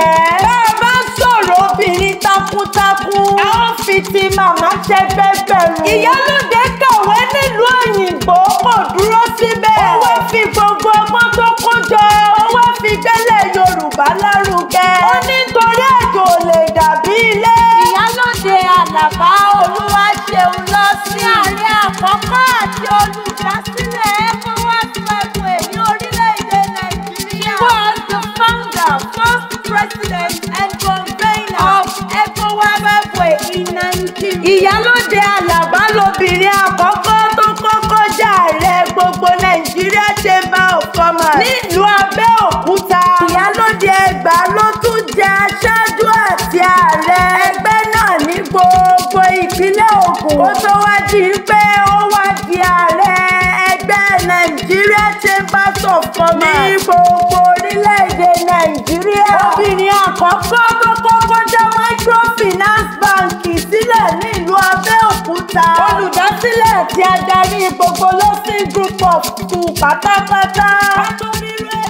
bá a bá sọ̀rọ̀ obìnrin takuntakun a ó fi ti màmá ṣẹgbẹ́ gbẹ̀rún. ìyálòde kàwé nílùú òyìnbó kò dúró síbẹ̀. ó fi gbogbo ọgbọ́n tó kó jọ ó wá fi délẹ̀ Yorùbá lárugẹ. ó nítorí àjò lè dàbí ilé. ìyálòde àlàbá ìyálóde alábà lobìnrin àkọ́kọ́ tó kọ́kọ́ jàre gbogbo nàìjíríà chamber of commerce nílùú abẹ́òkúta ìyálóde ẹgbà ló tún jẹ́ aṣáájú àti ààrẹ ẹgbẹ́ náà ní gbogbo ìpínlẹ̀ ògùn ó tó wá di pé ó wá di ààrẹ ẹgbẹ́ nàìjíríà chambers of commerce ní gbogbo orílẹ̀-èdè nàìjíríà obìnrin àkọ́kọ́ tó. Abẹ́òkúta. olùdásílẹ̀ àti adarí gbogbo lọ́sìn group of school pátápátá. àtòrí rẹ̀.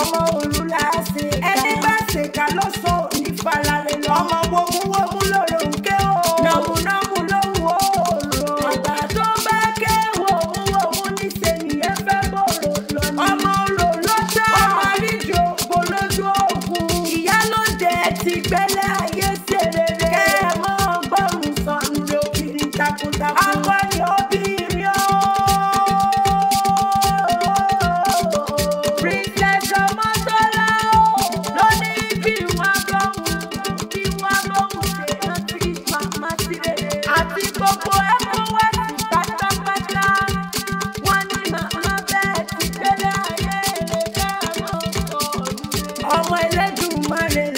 ọmọ olùlàásì ẹni bá ṣèkà lọ́sọ̀ọ́ nípa lálẹ́ lọ ọmọ wo mú wò. my name.